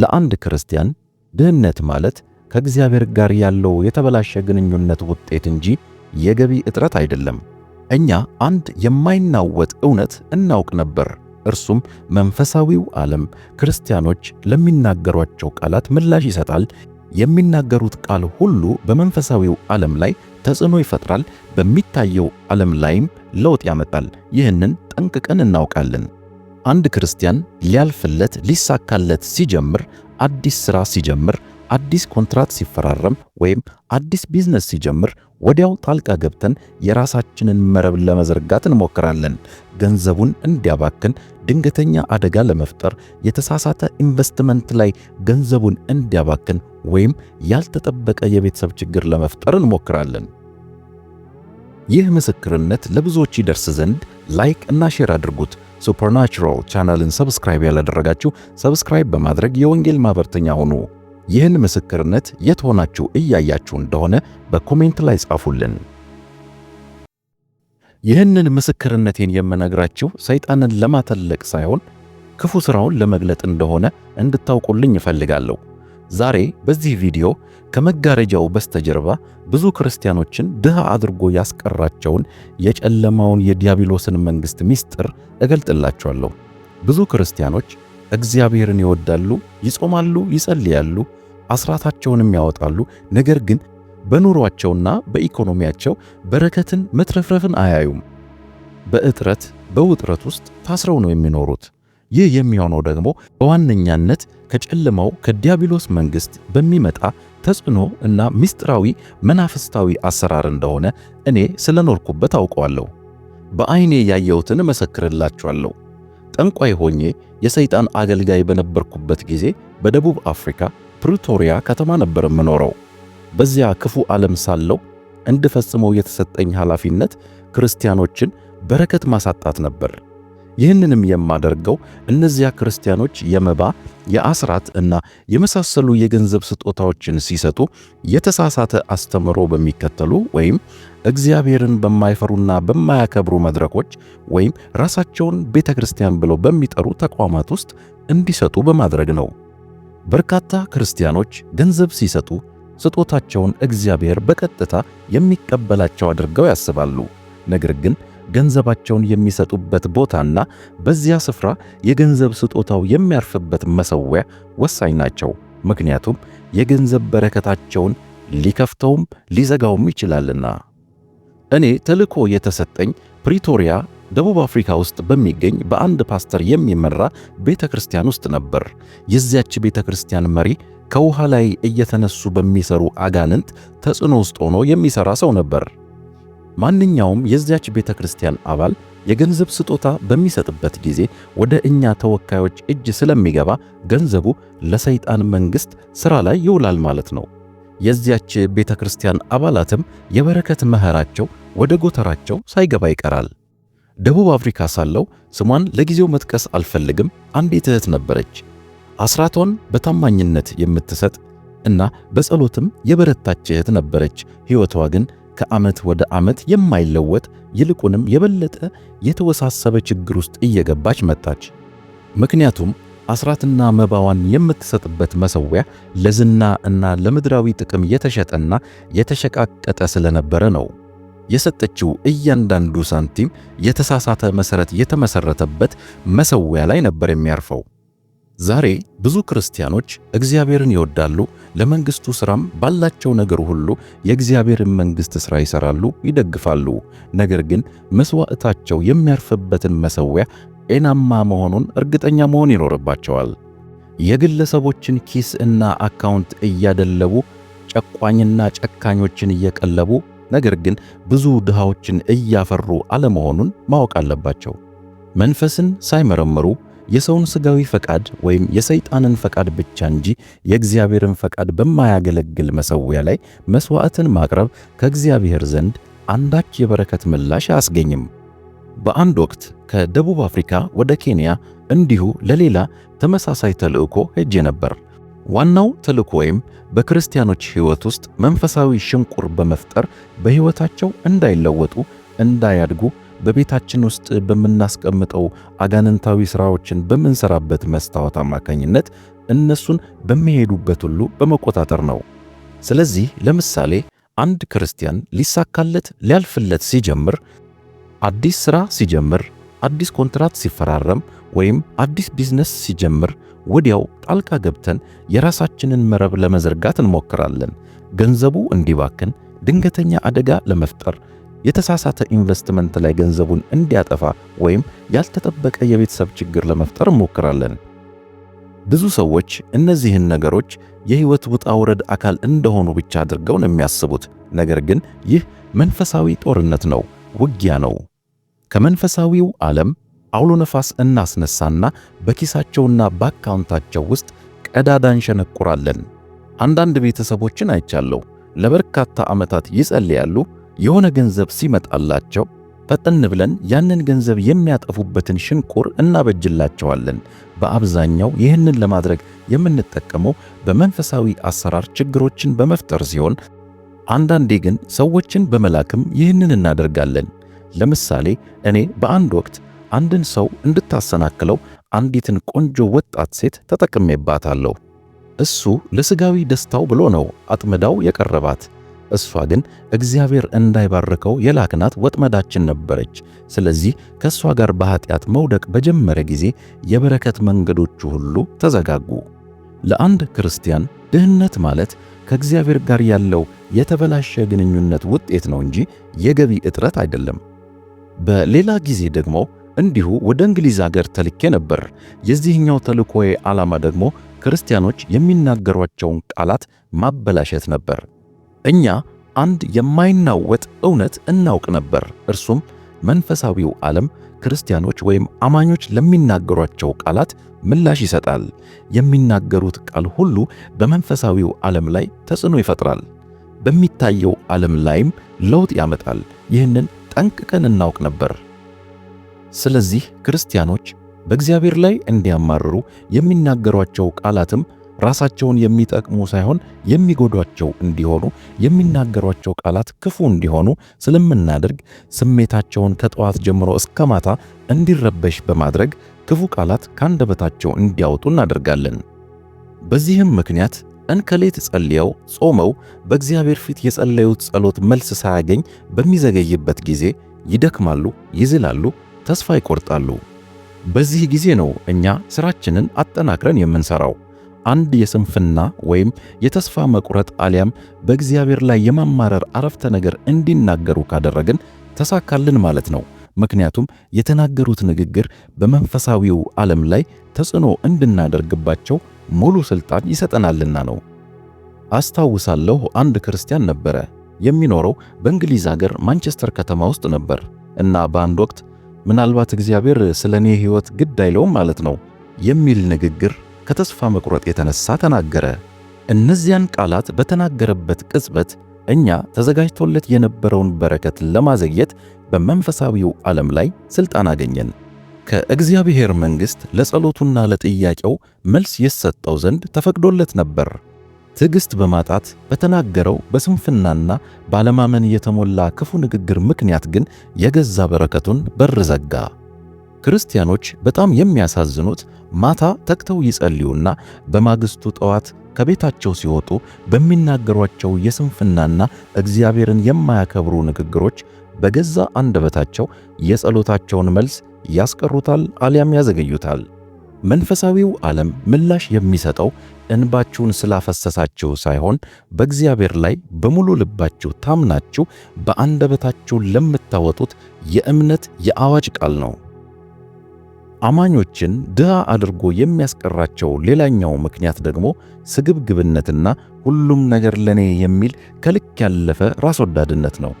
ለአንድ ክርስቲያን ድህነት ማለት ከእግዚአብሔር ጋር ያለው የተበላሸ ግንኙነት ውጤት እንጂ የገቢ እጥረት አይደለም። እኛ አንድ የማይናወጥ እውነት እናውቅ ነበር። እርሱም መንፈሳዊው ዓለም ክርስቲያኖች ለሚናገሯቸው ቃላት ምላሽ ይሰጣል። የሚናገሩት ቃል ሁሉ በመንፈሳዊው ዓለም ላይ ተጽዕኖ ይፈጥራል፣ በሚታየው ዓለም ላይም ለውጥ ያመጣል። ይህንን ጠንቅቀን እናውቃለን። አንድ ክርስቲያን ሊያልፍለት ሊሳካለት ሲጀምር አዲስ ሥራ ሲጀምር አዲስ ኮንትራት ሲፈራረም ወይም አዲስ ቢዝነስ ሲጀምር ወዲያው ጣልቃ ገብተን የራሳችንን መረብ ለመዘርጋት እንሞክራለን። ገንዘቡን እንዲያባክን፣ ድንገተኛ አደጋ ለመፍጠር፣ የተሳሳተ ኢንቨስትመንት ላይ ገንዘቡን እንዲያባክን ወይም ያልተጠበቀ የቤተሰብ ችግር ለመፍጠር እንሞክራለን። ይህ ምስክርነት ለብዙዎች ይደርስ ዘንድ ላይክ እና ሼር አድርጉት። ሱፐርናቹራል ቻናልን ሰብስክራይብ ያላደረጋችሁ ሰብስክራይብ በማድረግ የወንጌል ማኅበርተኛ ሁኑ። ይህን ምስክርነት የት ሆናችሁ እያያችሁ እንደሆነ በኮሜንት ላይ ጻፉልን። ይህንን ምስክርነቴን የምነግራችሁ ሰይጣንን ለማተለቅ ሳይሆን ክፉ ሥራውን ለመግለጥ እንደሆነ እንድታውቁልኝ እፈልጋለሁ። ዛሬ በዚህ ቪዲዮ ከመጋረጃው በስተጀርባ ብዙ ክርስቲያኖችን ድሃ አድርጎ ያስቀራቸውን የጨለማውን የዲያብሎስን መንግሥት ምስጢር እገልጥላችኋለሁ። ብዙ ክርስቲያኖች እግዚአብሔርን ይወዳሉ፣ ይጾማሉ፣ ይጸልያሉ፣ አስራታቸውንም ያወጣሉ። ነገር ግን በኑሯቸውና በኢኮኖሚያቸው በረከትን መትረፍረፍን አያዩም። በእጥረት በውጥረት ውስጥ ታስረው ነው የሚኖሩት። ይህ የሚሆነው ደግሞ በዋነኛነት ከጨለማው ከዲያብሎስ መንግስት በሚመጣ ተጽዕኖ እና ምስጢራዊ መናፍስታዊ አሰራር እንደሆነ እኔ ስለኖርኩበት አውቀዋለሁ። በዓይኔ ያየሁትን እመሰክርላችኋለሁ። ጠንቋይ ሆኜ የሰይጣን አገልጋይ በነበርኩበት ጊዜ በደቡብ አፍሪካ ፕሪቶሪያ ከተማ ነበር የምኖረው። በዚያ ክፉ ዓለም ሳለው እንድፈጽመው የተሰጠኝ ኃላፊነት ክርስቲያኖችን በረከት ማሳጣት ነበር። ይህንንም የማደርገው እነዚያ ክርስቲያኖች የመባ የአስራት እና የመሳሰሉ የገንዘብ ስጦታዎችን ሲሰጡ የተሳሳተ አስተምሮ በሚከተሉ ወይም እግዚአብሔርን በማይፈሩና በማያከብሩ መድረኮች ወይም ራሳቸውን ቤተ ክርስቲያን ብለው በሚጠሩ ተቋማት ውስጥ እንዲሰጡ በማድረግ ነው። በርካታ ክርስቲያኖች ገንዘብ ሲሰጡ ስጦታቸውን እግዚአብሔር በቀጥታ የሚቀበላቸው አድርገው ያስባሉ። ነገር ግን ገንዘባቸውን የሚሰጡበት ቦታና በዚያ ስፍራ የገንዘብ ስጦታው የሚያርፍበት መሠዊያ ወሳኝ ናቸው። ምክንያቱም የገንዘብ በረከታቸውን ሊከፍተውም ሊዘጋውም ይችላልና። እኔ ተልእኮ የተሰጠኝ ፕሪቶሪያ ደቡብ አፍሪካ ውስጥ በሚገኝ በአንድ ፓስተር የሚመራ ቤተ ክርስቲያን ውስጥ ነበር። የዚያች ቤተ ክርስቲያን መሪ ከውሃ ላይ እየተነሱ በሚሰሩ አጋንንት ተጽዕኖ ውስጥ ሆኖ የሚሰራ ሰው ነበር። ማንኛውም የዚያች ቤተ ክርስቲያን አባል የገንዘብ ስጦታ በሚሰጥበት ጊዜ ወደ እኛ ተወካዮች እጅ ስለሚገባ ገንዘቡ ለሰይጣን መንግሥት ሥራ ላይ ይውላል ማለት ነው። የዚያች ቤተ ክርስቲያን አባላትም የበረከት መኸራቸው ወደ ጎተራቸው ሳይገባ ይቀራል። ደቡብ አፍሪካ ሳለው ስሟን ለጊዜው መጥቀስ አልፈልግም፣ አንዲት እህት ነበረች። አስራቷን በታማኝነት የምትሰጥ እና በጸሎትም የበረታች እህት ነበረች። ሕይወቷ ግን ከዓመት ወደ ዓመት የማይለወጥ ይልቁንም የበለጠ የተወሳሰበ ችግር ውስጥ እየገባች መጣች። ምክንያቱም አስራትና መባዋን የምትሰጥበት መሠዊያ ለዝና እና ለምድራዊ ጥቅም የተሸጠና የተሸቃቀጠ ስለነበረ ነው። የሰጠችው እያንዳንዱ ሳንቲም የተሳሳተ መሠረት የተመሠረተበት መሠዊያ ላይ ነበር የሚያርፈው። ዛሬ ብዙ ክርስቲያኖች እግዚአብሔርን ይወዳሉ፣ ለመንግስቱ ሥራም ባላቸው ነገር ሁሉ የእግዚአብሔርን መንግስት ሥራ ይሰራሉ፣ ይደግፋሉ። ነገር ግን መስዋዕታቸው የሚያርፍበትን መሰዊያ ጤናማ መሆኑን እርግጠኛ መሆን ይኖርባቸዋል። የግለሰቦችን ኪስ እና አካውንት እያደለቡ ጨቋኝና ጨካኞችን እየቀለቡ ነገር ግን ብዙ ድሃዎችን እያፈሩ አለመሆኑን ማወቅ አለባቸው። መንፈስን ሳይመረምሩ የሰውን ስጋዊ ፈቃድ ወይም የሰይጣንን ፈቃድ ብቻ እንጂ የእግዚአብሔርን ፈቃድ በማያገለግል መሠዊያ ላይ መሥዋዕትን ማቅረብ ከእግዚአብሔር ዘንድ አንዳች የበረከት ምላሽ አያስገኝም። በአንድ ወቅት ከደቡብ አፍሪካ ወደ ኬንያ እንዲሁ ለሌላ ተመሳሳይ ተልእኮ ሄጄ ነበር። ዋናው ተልእኮ ወይም በክርስቲያኖች ሕይወት ውስጥ መንፈሳዊ ሽንቁር በመፍጠር በሕይወታቸው እንዳይለወጡ፣ እንዳያድጉ በቤታችን ውስጥ በምናስቀምጠው አጋንንታዊ ስራዎችን በምንሰራበት መስታወት አማካኝነት እነሱን በሚሄዱበት ሁሉ በመቆጣጠር ነው። ስለዚህ ለምሳሌ አንድ ክርስቲያን ሊሳካለት ሊያልፍለት ሲጀምር፣ አዲስ ስራ ሲጀምር፣ አዲስ ኮንትራት ሲፈራረም ወይም አዲስ ቢዝነስ ሲጀምር ወዲያው ጣልቃ ገብተን የራሳችንን መረብ ለመዘርጋት እንሞክራለን። ገንዘቡ እንዲባክን፣ ድንገተኛ አደጋ ለመፍጠር የተሳሳተ ኢንቨስትመንት ላይ ገንዘቡን እንዲያጠፋ ወይም ያልተጠበቀ የቤተሰብ ችግር ለመፍጠር እንሞክራለን። ብዙ ሰዎች እነዚህን ነገሮች የህይወት ውጣ ውረድ አካል እንደሆኑ ብቻ አድርገው ነው የሚያስቡት። ነገር ግን ይህ መንፈሳዊ ጦርነት ነው፣ ውጊያ ነው። ከመንፈሳዊው ዓለም አውሎ ነፋስ እናስነሳና በኪሳቸውና በአካውንታቸው ውስጥ ቀዳዳ እንሸነቁራለን። አንዳንድ ቤተሰቦችን አይቻለሁ። ለበርካታ ዓመታት ይጸልያሉ የሆነ ገንዘብ ሲመጣላቸው ፈጠን ብለን ያንን ገንዘብ የሚያጠፉበትን ሽንቁር እናበጅላቸዋለን። በአብዛኛው ይህንን ለማድረግ የምንጠቀመው በመንፈሳዊ አሰራር ችግሮችን በመፍጠር ሲሆን አንዳንዴ ግን ሰዎችን በመላክም ይህንን እናደርጋለን። ለምሳሌ እኔ በአንድ ወቅት አንድን ሰው እንድታሰናክለው አንዲትን ቆንጆ ወጣት ሴት ተጠቅሜባታለሁ። እሱ ለስጋዊ ደስታው ብሎ ነው አጥምዳው የቀረባት። እሷ ግን እግዚአብሔር እንዳይባርከው የላክናት ወጥመዳችን ነበረች። ስለዚህ ከእሷ ጋር በኃጢአት መውደቅ በጀመረ ጊዜ የበረከት መንገዶቹ ሁሉ ተዘጋጉ። ለአንድ ክርስቲያን ድህነት ማለት ከእግዚአብሔር ጋር ያለው የተበላሸ ግንኙነት ውጤት ነው እንጂ የገቢ እጥረት አይደለም። በሌላ ጊዜ ደግሞ እንዲሁ ወደ እንግሊዝ አገር ተልኬ ነበር። የዚህኛው ተልእኮዬ ዓላማ ደግሞ ክርስቲያኖች የሚናገሯቸውን ቃላት ማበላሸት ነበር። እኛ አንድ የማይናወጥ እውነት እናውቅ ነበር። እርሱም መንፈሳዊው ዓለም ክርስቲያኖች ወይም አማኞች ለሚናገሯቸው ቃላት ምላሽ ይሰጣል። የሚናገሩት ቃል ሁሉ በመንፈሳዊው ዓለም ላይ ተጽዕኖ ይፈጥራል፣ በሚታየው ዓለም ላይም ለውጥ ያመጣል። ይህንን ጠንቅቀን እናውቅ ነበር። ስለዚህ ክርስቲያኖች በእግዚአብሔር ላይ እንዲያማርሩ የሚናገሯቸው ቃላትም ራሳቸውን የሚጠቅሙ ሳይሆን የሚጎዷቸው እንዲሆኑ፣ የሚናገሯቸው ቃላት ክፉ እንዲሆኑ ስለምናደርግ ስሜታቸውን ከጠዋት ጀምሮ እስከ ማታ እንዲረበሽ በማድረግ ክፉ ቃላት ካንደበታቸው እንዲያወጡ እናደርጋለን። በዚህም ምክንያት እንከሌት ጸልየው ጾመው በእግዚአብሔር ፊት የጸለዩት ጸሎት መልስ ሳያገኝ በሚዘገይበት ጊዜ ይደክማሉ፣ ይዝላሉ፣ ተስፋ ይቆርጣሉ። በዚህ ጊዜ ነው እኛ ስራችንን አጠናክረን የምንሰራው። አንድ የስንፍና ወይም የተስፋ መቁረጥ አሊያም በእግዚአብሔር ላይ የማማረር አረፍተ ነገር እንዲናገሩ ካደረግን ተሳካልን ማለት ነው። ምክንያቱም የተናገሩት ንግግር በመንፈሳዊው ዓለም ላይ ተጽዕኖ እንድናደርግባቸው ሙሉ ሥልጣን ይሰጠናልና ነው። አስታውሳለሁ አንድ ክርስቲያን ነበረ። የሚኖረው በእንግሊዝ አገር ማንቸስተር ከተማ ውስጥ ነበር እና በአንድ ወቅት ምናልባት እግዚአብሔር ስለ እኔ ሕይወት ግድ አይለውም ማለት ነው የሚል ንግግር ከተስፋ መቁረጥ የተነሳ ተናገረ። እነዚያን ቃላት በተናገረበት ቅጽበት እኛ ተዘጋጅቶለት የነበረውን በረከት ለማዘግየት በመንፈሳዊው ዓለም ላይ ሥልጣን አገኘን። ከእግዚአብሔር መንግሥት ለጸሎቱና ለጥያቄው መልስ ይሰጠው ዘንድ ተፈቅዶለት ነበር። ትዕግሥት በማጣት በተናገረው በስንፍናና ባለማመን የተሞላ ክፉ ንግግር ምክንያት ግን የገዛ በረከቱን በር ዘጋ። ክርስቲያኖች በጣም የሚያሳዝኑት ማታ ተግተው ይጸልዩና በማግስቱ ጠዋት ከቤታቸው ሲወጡ በሚናገሯቸው የስንፍናና እግዚአብሔርን የማያከብሩ ንግግሮች በገዛ አንደበታቸው የጸሎታቸውን መልስ ያስቀሩታል አሊያም ያዘገዩታል። መንፈሳዊው ዓለም ምላሽ የሚሰጠው እንባችሁን ስላፈሰሳችሁ ሳይሆን በእግዚአብሔር ላይ በሙሉ ልባችሁ ታምናችሁ በአንደበታችሁ ለምታወጡት የእምነት የአዋጅ ቃል ነው። አማኞችን ድሃ አድርጎ የሚያስቀራቸው ሌላኛው ምክንያት ደግሞ ስግብግብነትና ሁሉም ነገር ለኔ የሚል ከልክ ያለፈ ራስ ወዳድነት ነው።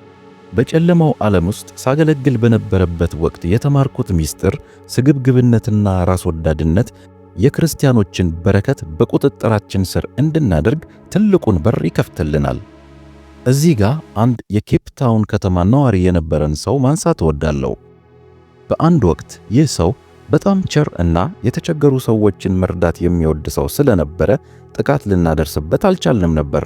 በጨለማው ዓለም ውስጥ ሳገለግል በነበረበት ወቅት የተማርኩት ምስጢር ስግብግብነትና ራስ ወዳድነት የክርስቲያኖችን በረከት በቁጥጥራችን ስር እንድናደርግ ትልቁን በር ይከፍትልናል። እዚህ ጋር አንድ የኬፕ ታውን ከተማ ነዋሪ የነበረን ሰው ማንሳት እወዳለሁ። በአንድ ወቅት ይህ ሰው በጣም ቸር እና የተቸገሩ ሰዎችን መርዳት የሚወድ ሰው ስለነበረ ጥቃት ልናደርስበት አልቻልንም ነበር።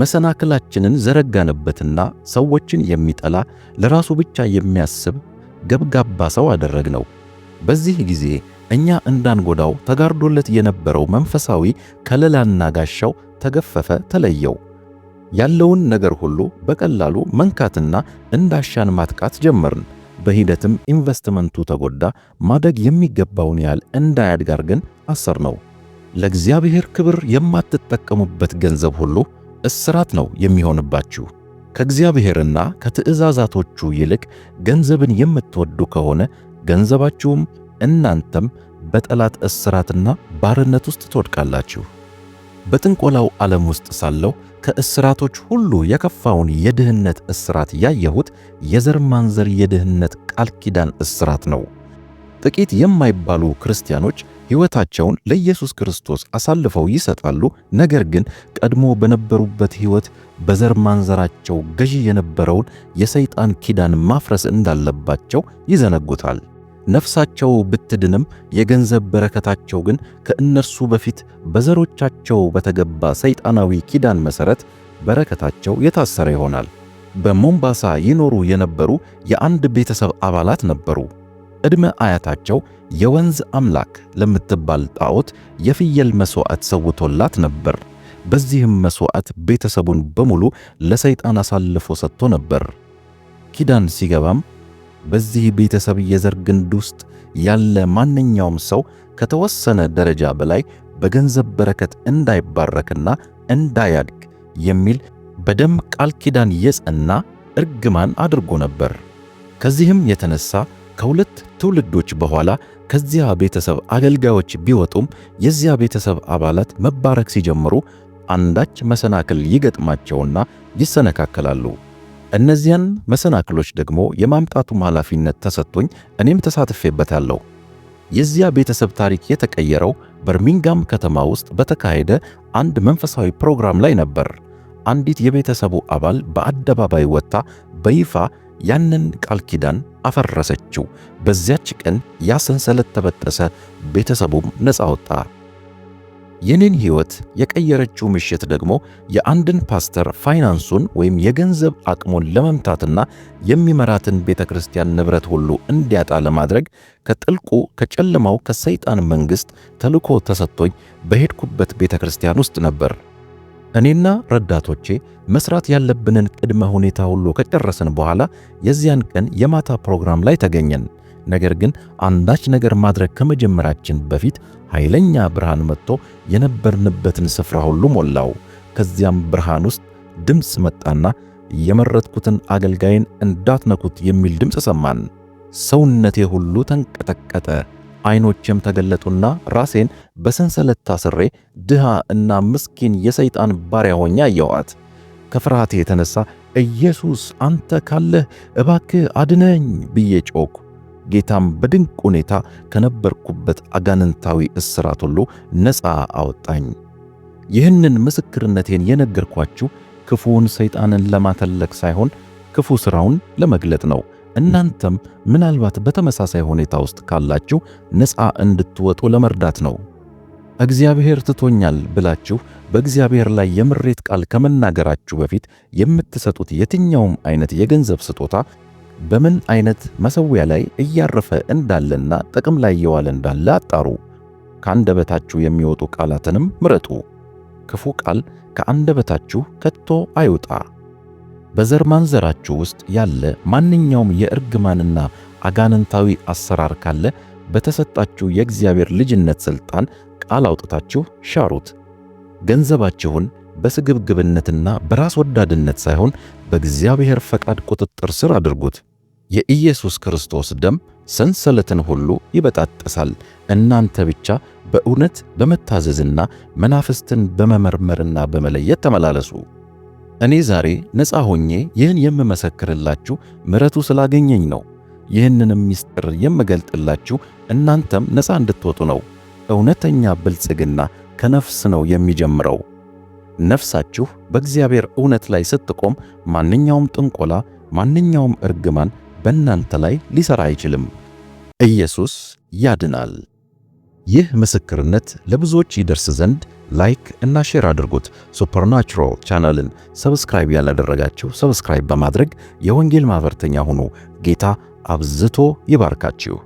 መሰናክላችንን ዘረጋንበትና ሰዎችን የሚጠላ ለራሱ ብቻ የሚያስብ ገብጋባ ሰው አደረግነው። በዚህ ጊዜ እኛ እንዳንጎዳው ተጋርዶለት የነበረው መንፈሳዊ ከለላና ጋሻው ተገፈፈ፣ ተለየው። ያለውን ነገር ሁሉ በቀላሉ መንካትና እንዳሻን ማጥቃት ጀመርን። በሂደትም ኢንቨስትመንቱ ተጎዳ። ማደግ የሚገባውን ያህል እንዳያድጋር ግን አሰር ነው። ለእግዚአብሔር ክብር የማትጠቀሙበት ገንዘብ ሁሉ እስራት ነው የሚሆንባችሁ። ከእግዚአብሔርና ከትእዛዛቶቹ ይልቅ ገንዘብን የምትወዱ ከሆነ ገንዘባችሁም እናንተም በጠላት እስራትና ባርነት ውስጥ ትወድቃላችሁ። በጥንቆላው ዓለም ውስጥ ሳለሁ ከእስራቶች ሁሉ የከፋውን የድህነት እስራት ያየሁት የዘር ማንዘር የድህነት ቃል ኪዳን እስራት ነው። ጥቂት የማይባሉ ክርስቲያኖች ሕይወታቸውን ለኢየሱስ ክርስቶስ አሳልፈው ይሰጣሉ። ነገር ግን ቀድሞ በነበሩበት ሕይወት በዘር ማንዘራቸው ገዢ የነበረውን የሰይጣን ኪዳን ማፍረስ እንዳለባቸው ይዘነጉታል። ነፍሳቸው ብትድንም የገንዘብ በረከታቸው ግን ከእነርሱ በፊት በዘሮቻቸው በተገባ ሰይጣናዊ ኪዳን መሠረት በረከታቸው የታሰረ ይሆናል። በሞምባሳ ይኖሩ የነበሩ የአንድ ቤተሰብ አባላት ነበሩ። ዕድመ አያታቸው የወንዝ አምላክ ለምትባል ጣዖት የፍየል መሥዋዕት ሰውቶላት ነበር። በዚህም መሥዋዕት ቤተሰቡን በሙሉ ለሰይጣን አሳልፎ ሰጥቶ ነበር። ኪዳን ሲገባም በዚህ ቤተሰብ የዘር ግንድ ውስጥ ያለ ማንኛውም ሰው ከተወሰነ ደረጃ በላይ በገንዘብ በረከት እንዳይባረክና እንዳያድግ የሚል በደም ቃል ኪዳን የጸና እርግማን አድርጎ ነበር። ከዚህም የተነሳ ከሁለት ትውልዶች በኋላ ከዚያ ቤተሰብ አገልጋዮች ቢወጡም የዚያ ቤተሰብ አባላት መባረክ ሲጀምሩ አንዳች መሰናክል ይገጥማቸውና ይሰነካከላሉ። እነዚያን መሰናክሎች ደግሞ የማምጣቱም ኃላፊነት ተሰጥቶኝ እኔም ተሳትፌበታለሁ። የዚያ ቤተሰብ ታሪክ የተቀየረው በርሚንጋም ከተማ ውስጥ በተካሄደ አንድ መንፈሳዊ ፕሮግራም ላይ ነበር። አንዲት የቤተሰቡ አባል በአደባባይ ወጥታ በይፋ ያንን ቃል ኪዳን አፈረሰችው። በዚያች ቀን ያ ሰንሰለት ተበጠሰ፣ ቤተሰቡም ነፃ ወጣ። ይህንን ህይወት የቀየረችው ምሽት ደግሞ የአንድን ፓስተር ፋይናንሱን ወይም የገንዘብ አቅሙን ለመምታትና የሚመራትን ቤተ ክርስቲያን ንብረት ሁሉ እንዲያጣ ለማድረግ ከጥልቁ ከጨለማው ከሰይጣን መንግሥት ተልኮ ተሰጥቶኝ በሄድኩበት ቤተ ክርስቲያን ውስጥ ነበር። እኔና ረዳቶቼ መስራት ያለብንን ቅድመ ሁኔታ ሁሉ ከጨረስን በኋላ የዚያን ቀን የማታ ፕሮግራም ላይ ተገኘን። ነገር ግን አንዳች ነገር ማድረግ ከመጀመራችን በፊት ኃይለኛ ብርሃን መጥቶ የነበርንበትን ስፍራ ሁሉ ሞላው። ከዚያም ብርሃን ውስጥ ድምፅ መጣና የመረጥኩትን አገልጋይን እንዳትነኩት የሚል ድምፅ ሰማን። ሰውነቴ ሁሉ ተንቀጠቀጠ። አይኖቼም ተገለጡና ራሴን በሰንሰለት ታስሬ ድሃ እና ምስኪን የሰይጣን ባሪያ ሆኜ አየኋት። ከፍርሃቴ የተነሳ ኢየሱስ አንተ ካለህ እባክህ አድነኝ ብዬ ጮኩ። ጌታም በድንቅ ሁኔታ ከነበርኩበት አጋንንታዊ እስራት ሁሉ ነፃ አወጣኝ። ይህንን ምስክርነቴን የነገርኳችሁ ክፉውን ሰይጣንን ለማተለክ ሳይሆን ክፉ ሥራውን ለመግለጥ ነው። እናንተም ምናልባት በተመሳሳይ ሁኔታ ውስጥ ካላችሁ ነፃ እንድትወጡ ለመርዳት ነው። እግዚአብሔር ትቶኛል ብላችሁ በእግዚአብሔር ላይ የምሬት ቃል ከመናገራችሁ በፊት የምትሰጡት የትኛውም አይነት የገንዘብ ስጦታ በምን አይነት መሠዊያ ላይ እያረፈ እንዳለና ጥቅም ላይ እየዋለ እንዳለ አጣሩ። ከአንደበታችሁ የሚወጡ ቃላትንም ምረጡ። ክፉ ቃል ከአንደበታችሁ ከቶ አይውጣ። በዘር ማንዘራችሁ ውስጥ ያለ ማንኛውም የእርግማንና አጋንንታዊ አሰራር ካለ በተሰጣችሁ የእግዚአብሔር ልጅነት ሥልጣን ቃል አውጥታችሁ ሻሩት። ገንዘባችሁን በስግብግብነትና በራስ ወዳድነት ሳይሆን በእግዚአብሔር ፈቃድ ቁጥጥር ስር አድርጉት። የኢየሱስ ክርስቶስ ደም ሰንሰለትን ሁሉ ይበጣጠሳል። እናንተ ብቻ በእውነት በመታዘዝና መናፍስትን በመመርመርና በመለየት ተመላለሱ። እኔ ዛሬ ነፃ ሆኜ ይህን የምመሰክርላችሁ ምረቱ ስላገኘኝ ነው። ይህንንም ምስጢር የምገልጥላችሁ እናንተም ነፃ እንድትወጡ ነው። እውነተኛ ብልጽግና ከነፍስ ነው የሚጀምረው። ነፍሳችሁ በእግዚአብሔር እውነት ላይ ስትቆም ማንኛውም ጥንቆላ፣ ማንኛውም እርግማን በእናንተ ላይ ሊሰራ አይችልም። ኢየሱስ ያድናል። ይህ ምስክርነት ለብዙዎች ይደርስ ዘንድ ላይክ እና ሼር አድርጉት። ሱፐርናቹራል ቻናልን ሰብስክራይብ ያላደረጋችሁ ሰብስክራይብ በማድረግ የወንጌል ማኅበርተኛ ሁኑ። ጌታ አብዝቶ ይባርካችሁ።